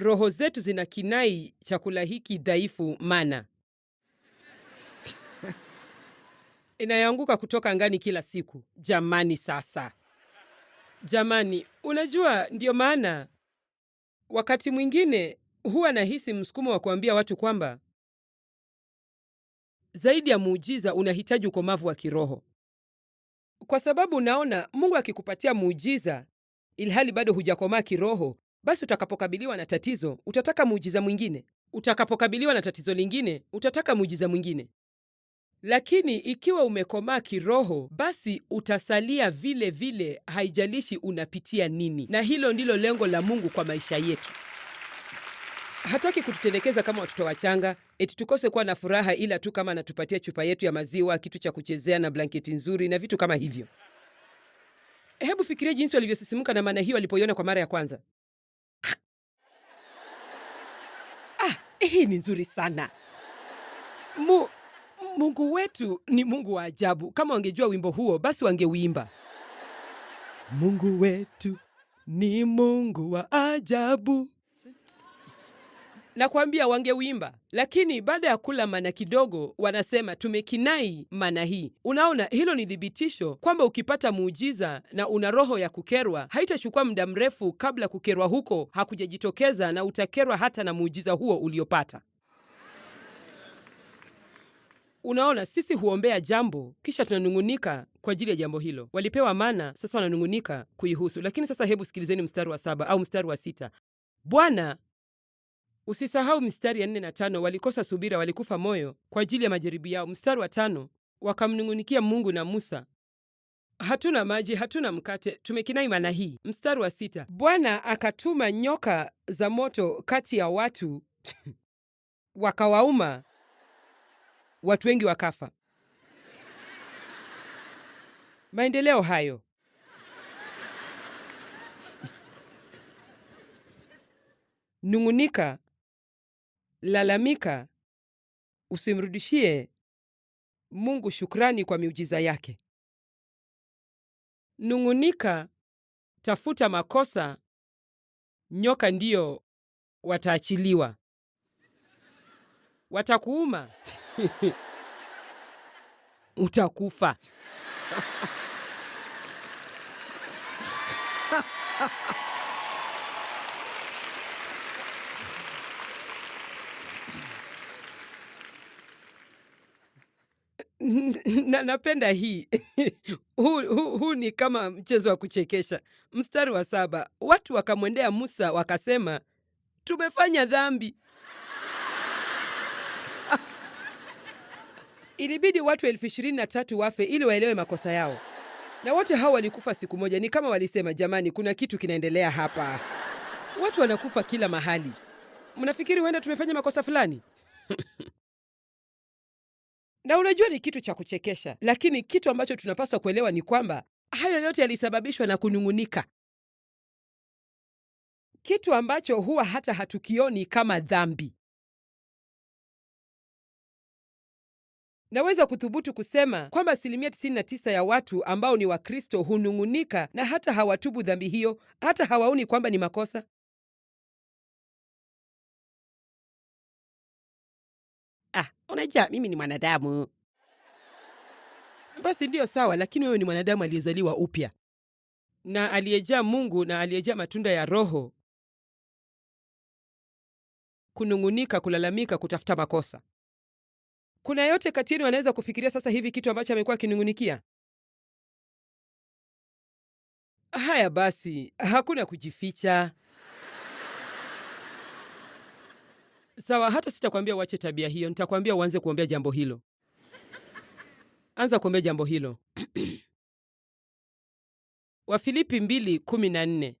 roho zetu zina kinai chakula hiki dhaifu, mana inayoanguka kutoka ngani kila siku. Jamani, sasa jamani, unajua, ndiyo maana wakati mwingine huwa nahisi msukumo wa kuambia watu kwamba zaidi ya muujiza unahitaji ukomavu wa kiroho, kwa sababu unaona, Mungu akikupatia muujiza ilhali bado hujakomaa kiroho, basi utakapokabiliwa na tatizo utataka muujiza mwingine, utakapokabiliwa na tatizo lingine utataka muujiza mwingine. Lakini ikiwa umekomaa kiroho, basi utasalia vile vile, haijalishi unapitia nini. Na hilo ndilo lengo la Mungu kwa maisha yetu. Hataki kututelekeza kama watoto wachanga, eti tukose kuwa na furaha, ila tu kama anatupatia chupa yetu ya maziwa, kitu cha kuchezea na blanketi nzuri na vitu kama hivyo. Hebu fikiria jinsi walivyosisimuka na maana hiyo walipoiona kwa mara ya kwanza. Hii ni nzuri sana. Mu, Mungu wetu ni Mungu wa ajabu. Kama wangejua wimbo huo basi wangeuimba. Mungu wetu ni Mungu wa ajabu nakwambia wangewimba, lakini baada ya kula mana kidogo wanasema tumekinai mana hii. Unaona, hilo ni thibitisho kwamba ukipata muujiza na una roho ya kukerwa, haitachukua muda mrefu kabla kukerwa huko hakujajitokeza, na utakerwa hata na muujiza huo uliopata. Unaona, sisi huombea jambo kisha tunanung'unika kwa ajili ya jambo hilo. Walipewa mana, sasa wananung'unika kuihusu. Lakini sasa, hebu sikilizeni mstari wa saba au mstari wa sita Bwana Usisahau mistari ya nne na tano, walikosa subira, walikufa moyo kwa ajili ya majaribu yao. Mstari wa tano, wakamnung'unikia Mungu na Musa, hatuna maji, hatuna mkate, tumekinai mana hii. Mstari wa sita, Bwana akatuma nyoka za moto kati ya watu wakawauma, watu wengi wakafa. Maendeleo hayo nung'unika lalamika, usimrudishie Mungu shukrani kwa miujiza yake. Nung'unika, tafuta makosa, nyoka ndiyo wataachiliwa, watakuuma utakufa. na napenda hii huu, hu, hu ni kama mchezo wa kuchekesha. Mstari wa saba, watu wakamwendea Musa wakasema, tumefanya dhambi. Ilibidi watu elfu ishirini na tatu wafe ili waelewe makosa yao, na wote hao walikufa siku moja. Ni kama walisema, jamani, kuna kitu kinaendelea hapa, watu wanakufa kila mahali. Mnafikiri huenda tumefanya makosa fulani? Na unajua ni kitu cha kuchekesha, lakini kitu ambacho tunapaswa kuelewa ni kwamba hayo yote yalisababishwa na kunung'unika, kitu ambacho huwa hata hatukioni kama dhambi. Naweza kuthubutu kusema kwamba asilimia 99 ya watu ambao ni Wakristo hunung'unika na hata hawatubu dhambi hiyo, hata hawaoni kwamba ni makosa. Unajua mimi ni mwanadamu. Basi ndiyo sawa, lakini wewe ni mwanadamu aliyezaliwa upya na aliyejaa Mungu na aliyejaa matunda ya Roho. Kunung'unika, kulalamika, kutafuta makosa. Kuna yote kati yenu anaweza kufikiria sasa hivi kitu ambacho amekuwa akinung'unikia? Haya basi, hakuna kujificha. Sawa, hata sitakwambia uache tabia hiyo, nitakwambia uanze kuombea jambo hilo. Anza kuombea jambo hilo. Wafilipi 2:14.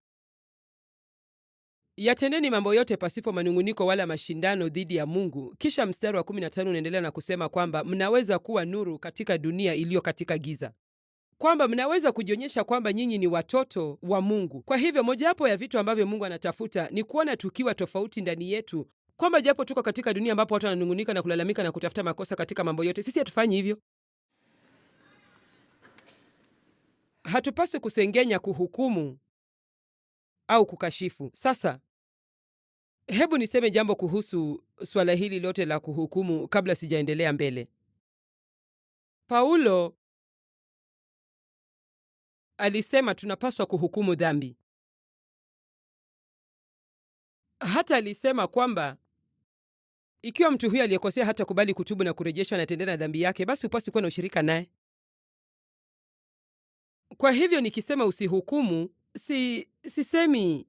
yatendeni mambo yote pasipo manung'uniko wala mashindano dhidi ya Mungu. Kisha mstari wa 15 unaendelea na kusema kwamba mnaweza kuwa nuru katika dunia iliyo katika giza, kwamba mnaweza kujionyesha kwamba nyinyi ni watoto wa Mungu. Kwa hivyo mojawapo ya vitu ambavyo Mungu anatafuta ni kuona tukiwa tofauti ndani yetu kwamba japo tuko katika dunia ambapo watu wananung'unika na kulalamika na kutafuta makosa katika mambo yote, sisi hatufanyi hivyo. Hatupaswi kusengenya, kuhukumu au kukashifu. Sasa hebu niseme jambo kuhusu swala hili lote la kuhukumu kabla sijaendelea mbele. Paulo alisema tunapaswa kuhukumu dhambi. Hata alisema kwamba ikiwa mtu huyo aliyekosea hata kubali kutubu na kurejeshwa anatendea na dhambi yake, basi upasi kuwa na ushirika naye. Kwa hivyo nikisema usihukumu, si sisemi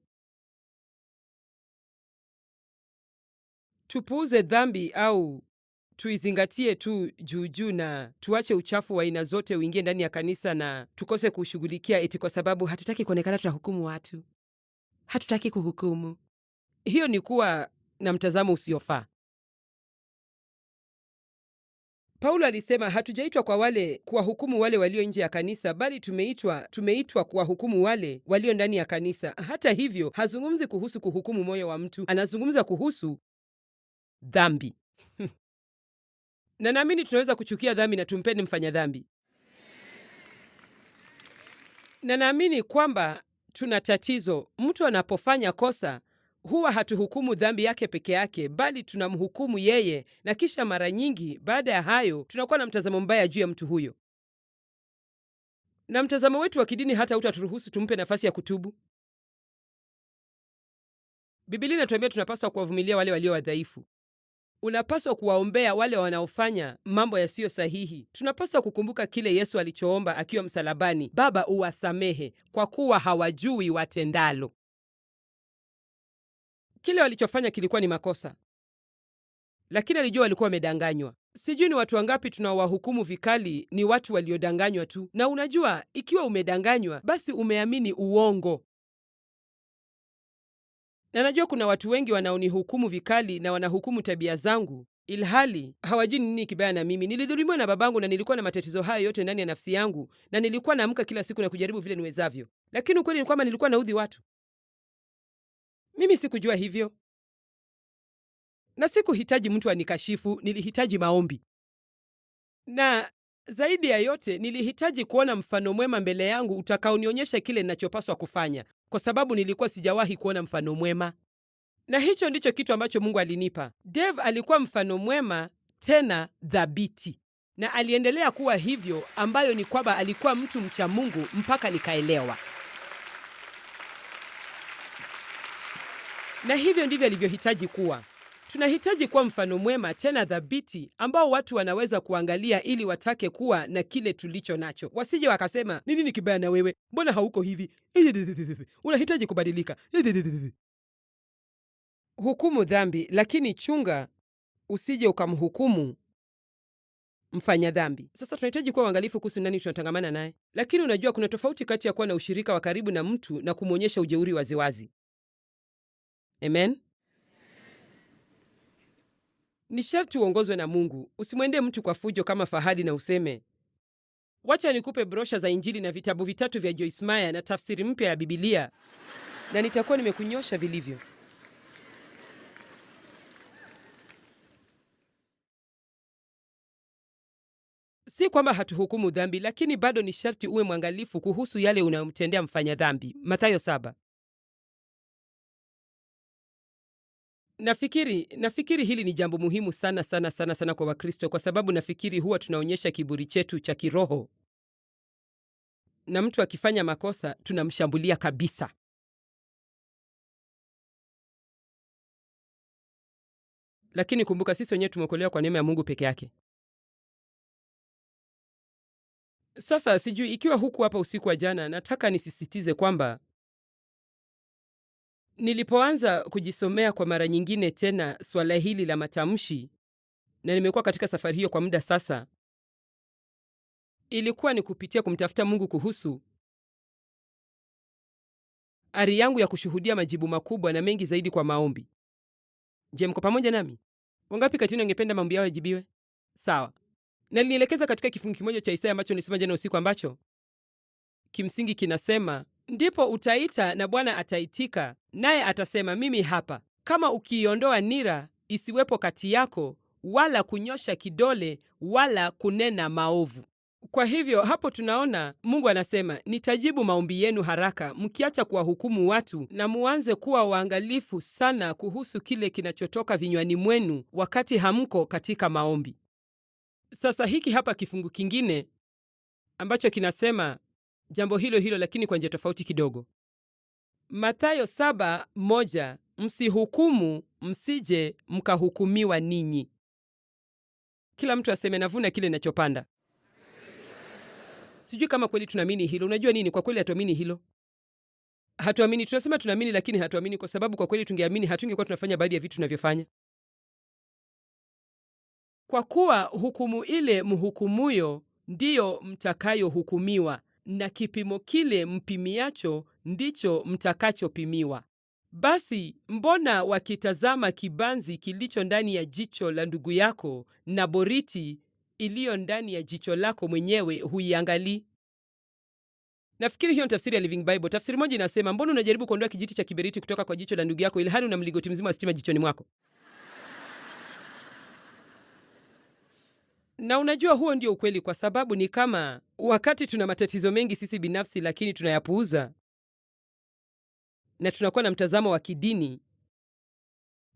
tupuuze dhambi au tuizingatie tu juujuu na tuache uchafu wa aina zote uingie ndani ya kanisa na tukose kuushughulikia eti kwa sababu hatutaki kuonekana tunahukumu watu. Hatutaki kuhukumu. Hiyo ni kuwa na mtazamo usiofaa. Paulo alisema hatujaitwa kwa wale kuwahukumu wale walio nje ya kanisa, bali tumeitwa tumeitwa kuwahukumu wale walio ndani ya kanisa. Hata hivyo, hazungumzi kuhusu kuhukumu moyo wa mtu, anazungumza kuhusu dhambi na naamini tunaweza kuchukia dhambi na tumpende mfanya dhambi, na naamini kwamba tuna tatizo mtu anapofanya kosa huwa hatuhukumu dhambi yake peke yake, bali tunamhukumu yeye, na kisha mara nyingi baada ya hayo tunakuwa na mtazamo mbaya juu ya mtu huyo, na mtazamo wetu wa kidini hata utaturuhusu tumpe nafasi ya kutubu. Bibilia inatuambia tunapaswa kuwavumilia wale walio wadhaifu. Unapaswa kuwaombea wale wanaofanya mambo yasiyo sahihi. Tunapaswa kukumbuka kile Yesu alichoomba akiwa msalabani: Baba, uwasamehe kwa kuwa hawajui watendalo kile walichofanya kilikuwa ni makosa, lakini alijua walikuwa wamedanganywa. Sijui ni watu wangapi tunawahukumu vikali ni watu waliodanganywa tu, na unajua, ikiwa umedanganywa, basi umeamini uongo. Na najua kuna watu wengi wanaonihukumu vikali na wanahukumu tabia zangu ilhali hawajui nini kibaya na mimi. Nilidhulumiwa na babangu na nilikuwa na matatizo hayo yote ndani ya nafsi yangu, na nilikuwa naamka kila siku na kujaribu vile niwezavyo, lakini ukweli ni kwamba nilikuwa naudhi watu. Mimi sikujua hivyo, na sikuhitaji mtu anikashifu. Nilihitaji maombi, na zaidi ya yote, nilihitaji kuona mfano mwema mbele yangu utakaonionyesha kile ninachopaswa kufanya, kwa sababu nilikuwa sijawahi kuona mfano mwema, na hicho ndicho kitu ambacho Mungu alinipa. dev alikuwa mfano mwema tena dhabiti, na aliendelea kuwa hivyo, ambayo ni kwamba alikuwa mtu mcha Mungu mpaka nikaelewa. Na hivyo ndivyo alivyohitaji kuwa. Tunahitaji kuwa mfano mwema tena dhabiti ambao watu wanaweza kuangalia ili watake kuwa na kile tulicho nacho, wasije wakasema ni nini kibaya na wewe, mbona hauko hivi, unahitaji kubadilika. Hukumu dhambi, lakini chunga usije ukamhukumu mfanya dhambi. Sasa tunahitaji kuwa uangalifu kuhusu nani tunatangamana naye, lakini unajua kuna tofauti kati ya kuwa na ushirika wa karibu na mtu na kumwonyesha ujeuri waziwazi. Amen. Ni sharti uongozwe na Mungu. Usimwendee mtu kwa fujo kama fahadi na useme, wacha nikupe brosha za Injili na vitabu vitatu vya Joyce Meyer na tafsiri mpya ya Bibilia na nitakuwa nimekunyosha vilivyo. Si kwamba hatuhukumu dhambi, lakini bado ni sharti uwe mwangalifu kuhusu yale unayomtendea mfanya dhambi. Mathayo saba. Nafikiri, nafikiri hili ni jambo muhimu sana sana sana sana kwa Wakristo kwa sababu nafikiri huwa tunaonyesha kiburi chetu cha kiroho, na mtu akifanya makosa tunamshambulia kabisa. Lakini kumbuka, sisi wenyewe tumeokolewa kwa neema ya Mungu peke yake. Sasa sijui ikiwa huku hapa usiku wa jana, nataka nisisitize kwamba nilipoanza kujisomea kwa mara nyingine tena swala hili la matamshi, na nimekuwa katika safari hiyo kwa muda sasa, ilikuwa ni kupitia kumtafuta Mungu kuhusu ari yangu ya kushuhudia majibu makubwa na mengi zaidi kwa maombi. Je, mko pamoja nami? Wangapi kati yenu wangependa maombi yao yajibiwe? Sawa. Nalinielekeza katika kifungu kimoja cha Isaya ambacho nilisoma jana usiku, ambacho kimsingi kinasema Ndipo utaita na Bwana ataitika, naye atasema, mimi hapa. Kama ukiiondoa nira isiwepo kati yako, wala kunyosha kidole, wala kunena maovu. Kwa hivyo hapo tunaona Mungu anasema, nitajibu maombi yenu haraka, mkiacha kuwahukumu watu na muanze kuwa waangalifu sana kuhusu kile kinachotoka vinywani mwenu wakati hamko katika maombi. Sasa hiki hapa kifungu kingine ambacho kinasema jambo hilo hilo lakini kwa njia tofauti kidogo. Mathayo saba moja, msihukumu msije mkahukumiwa ninyi. Kila mtu aseme navuna kile nachopanda. Sijui kama kweli tunaamini hilo. Unajua nini, kwa kweli hatuamini hilo, hatuamini. Tunasema tunaamini, lakini hatuamini, kwa sababu kwa kweli tungeamini, hatungekuwa tunafanya baadhi ya vitu tunavyofanya. Kwa kuwa hukumu ile mhukumuyo ndiyo mtakayohukumiwa, na kipimo kile mpimiacho ndicho mtakachopimiwa. Basi mbona wakitazama kibanzi kilicho ndani ya jicho la ndugu yako na boriti iliyo ndani ya jicho lako mwenyewe huiangalii? Nafikiri hiyo ni tafsiri ya Living Bible. Tafsiri moja inasema, mbona unajaribu kuondoa kijiti cha kiberiti kutoka kwa jicho la ndugu yako ilhali una mligoti mzima wa stima jichoni mwako? na unajua huo ndio ukweli, kwa sababu ni kama wakati tuna matatizo mengi sisi binafsi, lakini tunayapuuza na tunakuwa na mtazamo wa kidini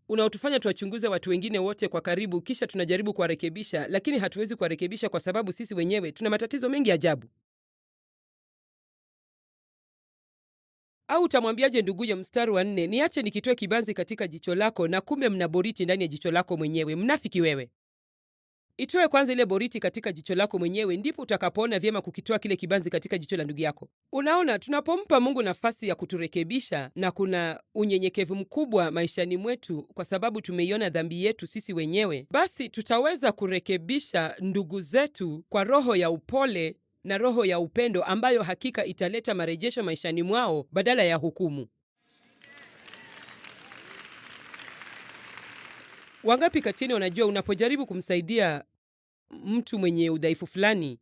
unaotufanya tuwachunguze watu wengine wote kwa karibu, kisha tunajaribu kuwarekebisha, lakini hatuwezi kuwarekebisha kwa sababu sisi wenyewe tuna matatizo mengi ajabu. Au utamwambiaje nduguye? Mstari wa nne, niache nikitoe kibanzi katika jicho lako na kumbe mnaboriti ndani ya jicho lako mwenyewe. Mnafiki wewe! Itoe kwanza ile boriti katika jicho lako mwenyewe, ndipo utakapoona vyema kukitoa kile kibanzi katika jicho la ndugu yako. Unaona, tunapompa Mungu nafasi ya kuturekebisha, na kuna unyenyekevu mkubwa maishani mwetu, kwa sababu tumeiona dhambi yetu sisi wenyewe, basi tutaweza kurekebisha ndugu zetu kwa roho ya upole na roho ya upendo ambayo hakika italeta marejesho maishani mwao badala ya hukumu. Wangapi katini wanajua unapojaribu kumsaidia mtu mwenye udhaifu fulani,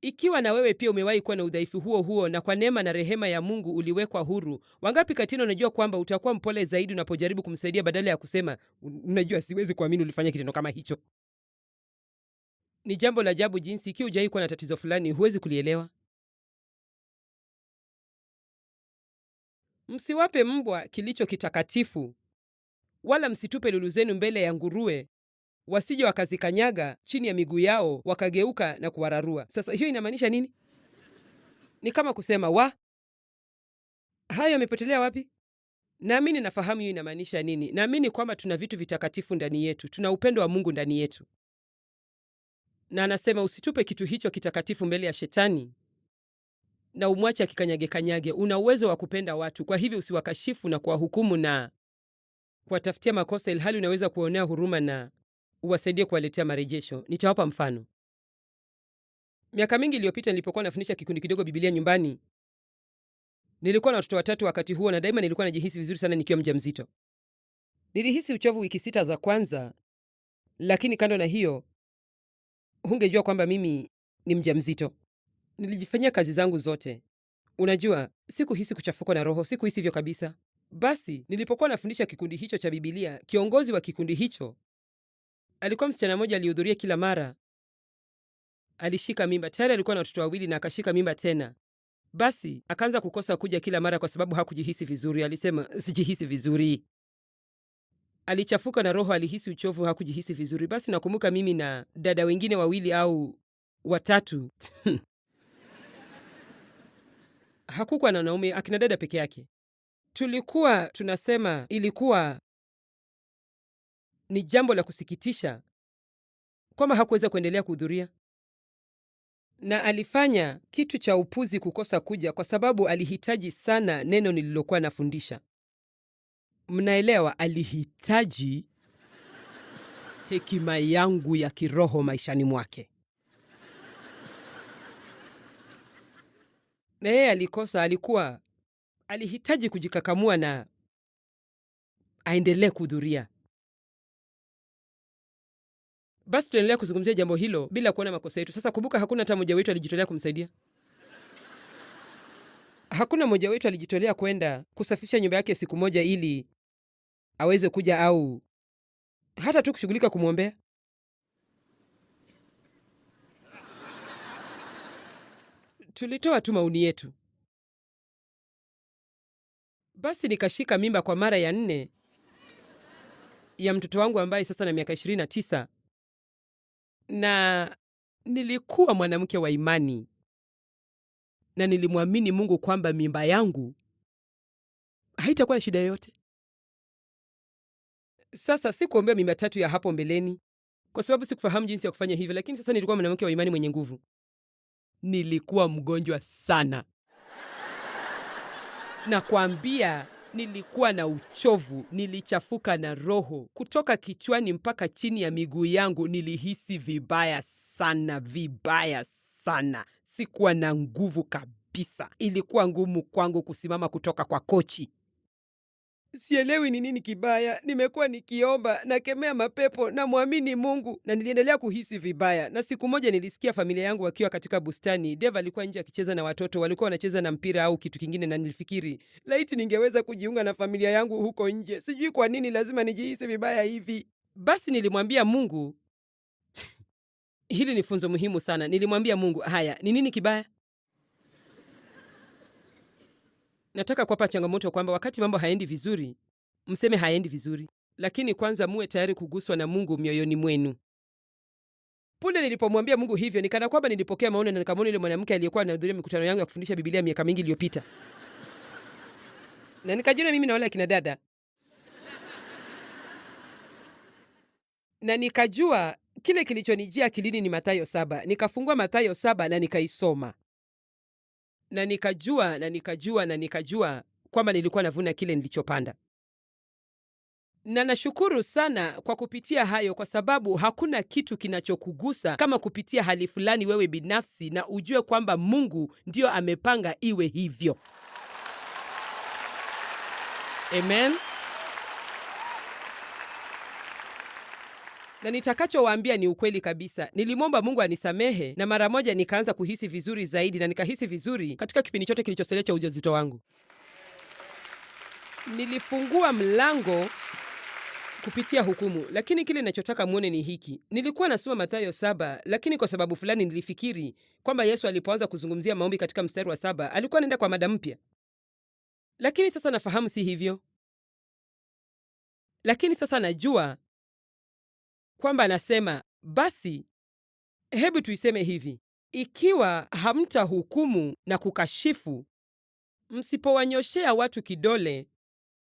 ikiwa na wewe pia umewahi kuwa na udhaifu huo huo na kwa neema na rehema ya Mungu uliwekwa huru, wangapi katini unajua kwamba utakuwa mpole zaidi unapojaribu kumsaidia badala ya kusema, unajua siwezi kuamini ulifanya kitendo kama hicho. Ni jambo la ajabu jinsi ikiwa hujawahi kuwa na tatizo fulani huwezi kulielewa. Msiwape mbwa kilicho kitakatifu wala msitupe lulu zenu mbele ya nguruwe, wasije wakazikanyaga chini ya miguu yao wakageuka na kuwararua. Sasa hiyo inamaanisha nini? Ni kama kusema wa hayo yamepotelea wapi? Naamini nafahamu hiyo inamaanisha nini. Naamini kwamba tuna vitu vitakatifu ndani yetu, tuna upendo wa Mungu ndani yetu, na anasema usitupe kitu hicho kitakatifu mbele ya Shetani na umwache akikanyage kanyage. Una uwezo wa kupenda watu, kwa hivyo usiwakashifu na kuwahukumu na kuwatafutia makosa ilhali unaweza kuwaonea huruma na uwasaidie kuwaletea marejesho. Nitawapa mfano. Miaka mingi iliyopita nilipokuwa nafundisha kikundi kidogo Bibilia nyumbani, nilikuwa na watoto watatu wakati huo, na daima nilikuwa najihisi vizuri sana nikiwa mjamzito. Nilihisi uchovu wiki sita za kwanza, lakini kando na hiyo, hungejua kwamba mimi ni mjamzito. Nilijifanyia kazi zangu zote. Unajua, sikuhisi kuchafuka na roho, sikuhisi hivyo kabisa. Basi nilipokuwa nafundisha kikundi hicho cha Bibilia, kiongozi wa kikundi hicho alikuwa msichana mmoja alihudhuria kila mara. Alishika mimba tayari, alikuwa na watoto wawili na akashika mimba tena. Basi akaanza kukosa kuja kila mara kwa sababu hakujihisi vizuri. Alisema sijihisi vizuri, alichafuka na roho, alihisi uchovu, hakujihisi vizuri. Basi nakumbuka mimi na dada wengine wawili au watatu hakukuwa na wanaume, akina dada peke yake. Tulikuwa tunasema ilikuwa ni jambo la kusikitisha kwamba hakuweza kuendelea kuhudhuria, na alifanya kitu cha upuzi kukosa kuja, kwa sababu alihitaji sana neno nililokuwa nafundisha. Mnaelewa, alihitaji hekima yangu ya kiroho maishani mwake, na yeye alikosa. Alikuwa alihitaji kujikakamua na aendelee kuhudhuria. Basi tunaendelea kuzungumzia jambo hilo bila kuona makosa yetu. Sasa kumbuka, hakuna hata mmoja wetu alijitolea kumsaidia. Hakuna mmoja wetu alijitolea kwenda kusafisha nyumba yake siku moja ili aweze kuja au hata tu kushughulika kumwombea. Tulitoa tu maoni yetu. Basi nikashika mimba kwa mara ya nne ya mtoto wangu ambaye sasa na miaka ishirini na tisa, na nilikuwa mwanamke wa imani na nilimwamini Mungu kwamba mimba yangu haitakuwa na shida yoyote. Sasa sikuombea mimba tatu ya hapo mbeleni kwa sababu sikufahamu jinsi ya kufanya hivyo, lakini sasa nilikuwa mwanamke wa imani mwenye nguvu. Nilikuwa mgonjwa sana na kuambia nilikuwa na uchovu, nilichafuka na roho kutoka kichwani mpaka chini ya miguu yangu. Nilihisi vibaya sana, vibaya sana, sikuwa na nguvu kabisa. Ilikuwa ngumu kwangu kusimama kutoka kwa kochi. Sielewi ni nini kibaya. Nimekuwa nikiomba, nakemea mapepo, namwamini Mungu, na niliendelea kuhisi vibaya. Na siku moja nilisikia familia yangu wakiwa katika bustani. dev alikuwa nje akicheza na watoto, walikuwa wanacheza na mpira au kitu kingine, na nilifikiri laiti ningeweza kujiunga na familia yangu huko nje. Sijui kwa nini lazima nijihisi vibaya hivi. Basi nilimwambia Mungu hili ni funzo muhimu sana. Nilimwambia Mungu, haya, ni nini kibaya? nataka kuwapa changamoto kwamba wakati mambo haendi vizuri, mseme haendi vizuri, lakini kwanza muwe tayari kuguswa na Mungu mioyoni mwenu. Punde nilipomwambia Mungu hivyo, nikana kwamba nilipokea maono na nikamwona yule mwanamke aliyekuwa anahudhuria mikutano yangu ya kufundisha Biblia miaka mingi iliyopita, na nikajiona mimi na wale akina dada, na nikajua kile kilichonijia akilini ni Mathayo saba. Nikafungua Mathayo saba na nikaisoma na nikajua na nikajua na nikajua kwamba nilikuwa navuna kile nilichopanda na nashukuru sana kwa kupitia hayo, kwa sababu hakuna kitu kinachokugusa kama kupitia hali fulani wewe binafsi, na ujue kwamba Mungu ndiyo amepanga iwe hivyo. Amen. na nitakachowaambia ni ukweli kabisa. Nilimwomba Mungu anisamehe na mara moja nikaanza kuhisi vizuri zaidi, na nikahisi vizuri katika kipindi chote kilichosalia cha ujauzito wangu. Nilifungua mlango kupitia hukumu, lakini kile ninachotaka mwone ni hiki. Nilikuwa nasoma Mathayo saba, lakini kwa sababu fulani nilifikiri kwamba Yesu alipoanza kuzungumzia maombi katika mstari wa saba alikuwa anaenda kwa mada mpya, lakini sasa nafahamu si hivyo. Lakini sasa najua kwamba anasema basi, hebu tuiseme hivi: ikiwa hamtahukumu na kukashifu, msipowanyoshea watu kidole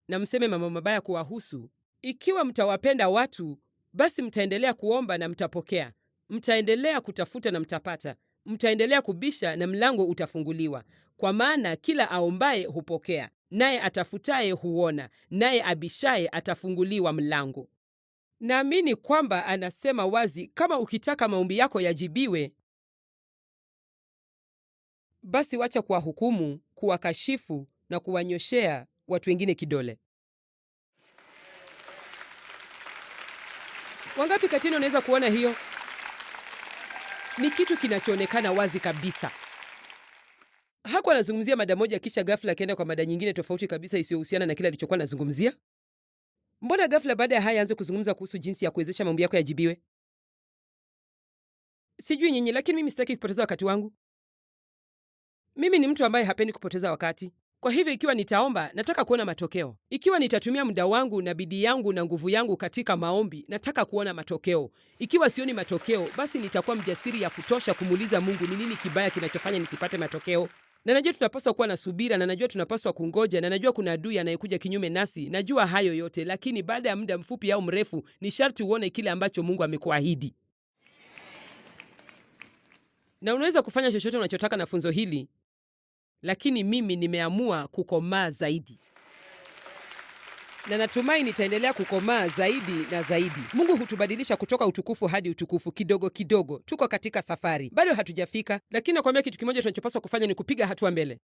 na mseme mambo mabaya kuwahusu, ikiwa mtawapenda watu, basi mtaendelea kuomba na mtapokea, mtaendelea kutafuta na mtapata, mtaendelea kubisha na mlango utafunguliwa. Kwa maana kila aombaye hupokea, naye atafutaye huona, naye abishaye atafunguliwa mlango. Naamini kwamba anasema wazi, kama ukitaka maombi yako yajibiwe, basi wacha kuwahukumu, kuwakashifu na kuwanyoshea watu wengine kidole. Wangapi katini unaweza kuona hiyo? Ni kitu kinachoonekana wazi kabisa. Hakuwa anazungumzia mada moja, kisha ghafla akaenda kwa mada nyingine tofauti kabisa isiyohusiana na kile alichokuwa anazungumzia. Mbona ghafla baada ya haya anze kuzungumza kuhusu jinsi ya kuwezesha maombi yako yajibiwe? Sijui nyinyi, lakini mimi sitaki kupoteza wakati wangu. Mimi ni mtu ambaye hapendi kupoteza wakati. Kwa hivyo ikiwa nitaomba, nataka kuona matokeo. Ikiwa nitatumia muda wangu na bidii yangu na nguvu yangu katika maombi, nataka kuona matokeo. Ikiwa sioni matokeo, basi nitakuwa mjasiri ya kutosha kumuuliza Mungu ni nini kibaya kinachofanya nisipate matokeo na najua tunapaswa kuwa na subira, na najua tunapaswa kungoja, na najua kuna adui anayekuja kinyume nasi. Najua hayo yote, lakini baada ya muda mfupi au mrefu, ni sharti uone kile ambacho Mungu amekuahidi, na unaweza kufanya chochote unachotaka na funzo hili, lakini mimi nimeamua kukomaa zaidi na natumai nitaendelea kukomaa zaidi na zaidi. Mungu hutubadilisha kutoka utukufu hadi utukufu, kidogo kidogo. Tuko katika safari, bado hatujafika, lakini nakwambia kitu kimoja tunachopaswa kufanya ni kupiga hatua mbele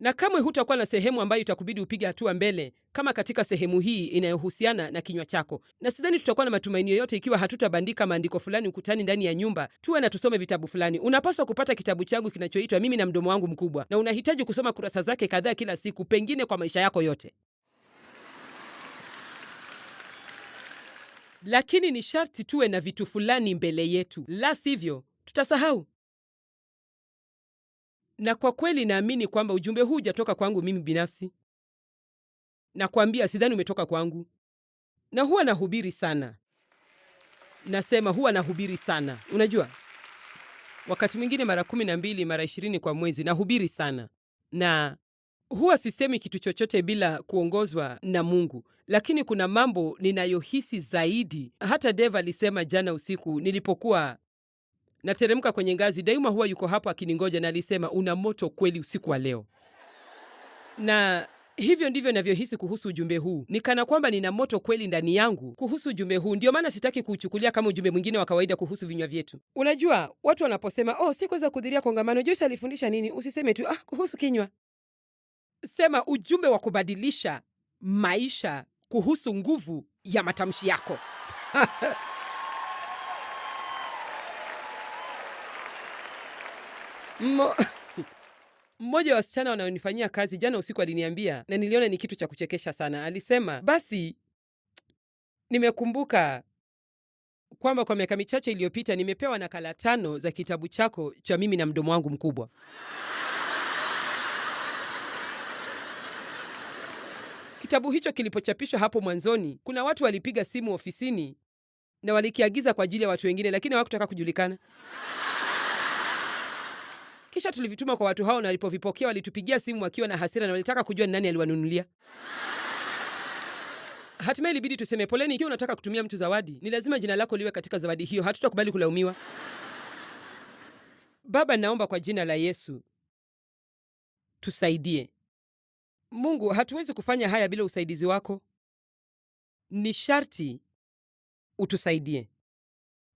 na kamwe hutakuwa na sehemu ambayo itakubidi upige hatua mbele kama katika sehemu hii inayohusiana na kinywa chako, na sidhani tutakuwa na matumaini yoyote ikiwa hatutabandika maandiko fulani ukutani ndani ya nyumba tuwe na tusome vitabu fulani. Unapaswa kupata kitabu changu kinachoitwa Mimi na Mdomo wangu Mkubwa, na unahitaji kusoma kurasa zake kadhaa kila siku, pengine kwa maisha yako yote. Lakini ni sharti tuwe na vitu fulani mbele yetu, la sivyo tutasahau na kwa kweli naamini kwamba ujumbe huu hujatoka kwangu mimi binafsi. Nakwambia, sidhani umetoka kwangu. Na huwa nahubiri sana, nasema huwa nahubiri sana. Unajua, wakati mwingine mara kumi na mbili mara ishirini kwa mwezi nahubiri sana, na huwa sisemi kitu chochote bila kuongozwa na Mungu, lakini kuna mambo ninayohisi zaidi. Hata dev alisema jana usiku nilipokuwa Nateremka kwenye ngazi, daima huwa yuko hapo akiningoja, na alisema una moto kweli usiku wa leo. Na hivyo ndivyo navyohisi kuhusu ujumbe huu. Ni kana kwamba nina moto kweli ndani yangu kuhusu ujumbe huu. Ndio maana sitaki kuuchukulia kama ujumbe mwingine wa kawaida kuhusu vinywa vyetu. Unajua, watu wanaposema oh, sikuweza kuhudhuria kongamano, Joyce alifundisha nini, usiseme tu ah, kuhusu kinywa. Sema ujumbe wa kubadilisha maisha kuhusu nguvu ya matamshi yako. Mmoja wa wasichana wanaonifanyia kazi jana usiku aliniambia, na niliona ni kitu cha kuchekesha sana. Alisema, basi nimekumbuka kwamba kwa miaka michache iliyopita nimepewa nakala tano za kitabu chako cha Mimi na Mdomo Wangu Mkubwa. Kitabu hicho kilipochapishwa hapo mwanzoni, kuna watu walipiga simu ofisini na walikiagiza kwa ajili ya watu wengine, lakini hawakutaka kujulikana. Kisha tulivituma kwa watu hao, na walipovipokea walitupigia simu wakiwa na hasira na walitaka kujua nani aliwanunulia. Hatimaye ilibidi tuseme poleni. Ikiwa unataka kutumia mtu zawadi, ni lazima jina lako liwe katika zawadi hiyo. Hatutakubali kulaumiwa. Baba, naomba kwa jina la Yesu tusaidie. Mungu, hatuwezi kufanya haya bila usaidizi wako, ni sharti utusaidie.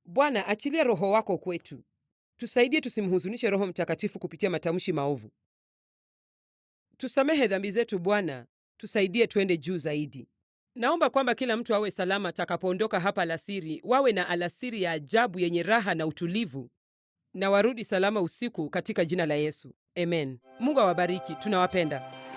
Bwana, achilia Roho wako kwetu Tusaidie tusimhuzunishe Roho Mtakatifu kupitia matamshi maovu. Tusamehe dhambi zetu Bwana, tusaidie twende juu zaidi. Naomba kwamba kila mtu awe salama atakapoondoka hapa alasiri, wawe na alasiri ya ajabu yenye raha na utulivu, na warudi salama usiku katika jina la Yesu, amen. Mungu awabariki, tunawapenda.